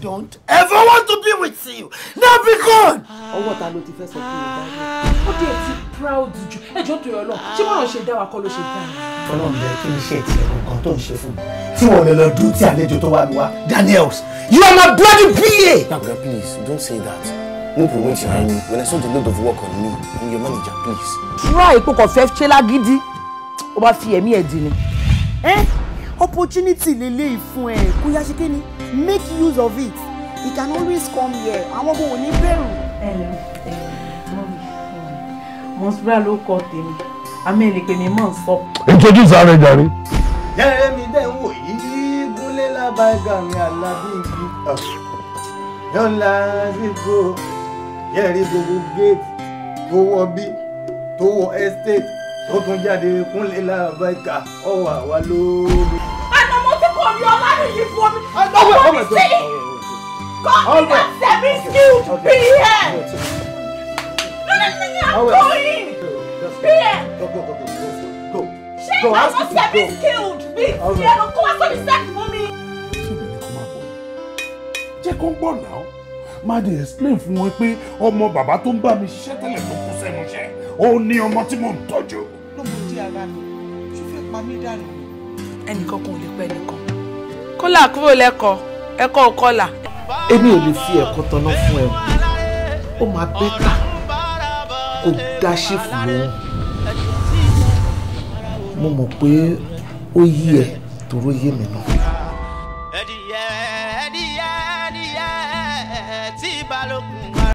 don't ever want to be with you. Now be gone. Ọwọ́ ta ló ti fẹ́ sọ fún mi báyìí? proud Hey, Ẹjọ́ tó yọ lọ, She won't ṣe dá wa kọ́ ló ṣe dá mi? Ọlọ́run bẹ kí n ṣe ti ẹ̀rọ kan tó ń ṣe fún mi. Tí wọ́n lè lọ dúró Daniels, you are my bloody PA. Dàgbà please don't say that. No promote your when I saw the load of work on me and your manager please. Try to fẹ́ ṣe lágídí, ó bá fi ẹ̀mí ẹ̀ dì opportunity lélẹ́yìí fún ẹ kó yá ṣe kí ni make use of it It can always come here àwọn ọmọ òní bẹ̀rù. mọ̀nsúrà ló kọ tèmi àmì ìlèpè mi mọ̀ ń sọ. introduce ara ẹ jàre. Jeremy dẹ́ ń wò yìí gúnlé lábàgà mi àlàbí igi yọ̀ǹda àdìgbò yẹ̀rí gbogbo gate tó bí tó wọ estate tó tún jáde kúnlẹ̀ làbẹ́ka ọwọ́ àwa lórí. àná mo ti kọ̀ ní ọlárìyí fún mi ọmọ mi sí kọ́ mi náà sẹ́mi skilled pm lónìí I'm going pm ṣé ìgbàgbọ́ sẹ́mi skilled mi ti ẹnu kó wá sórí sẹ́ẹ̀tì fún mi. jẹ́ kó ń gbọ́ náà máa dey explain fún wọn pé ọmọ bàbá tó ń bá mi ṣiṣẹ́ tẹ́lẹ̀ tó kú sẹ́nu iṣẹ́ ó ní ọmọ tí mò ń tọ́jú ara mi ṣó fẹ́ pa mí dànù. ẹnìkan kan ò lè pẹ́ nìkan kólà kúrò lẹ́kọ̀ọ́ ẹ̀kọ́ ò kọlà. èmi ò lè fi ẹ̀kọ́ tanná fún ẹ ó máa bẹ́tà kó dá ṣèfù lóhùn mo mọ̀ pé ó yí ẹ tòró yé mi náà.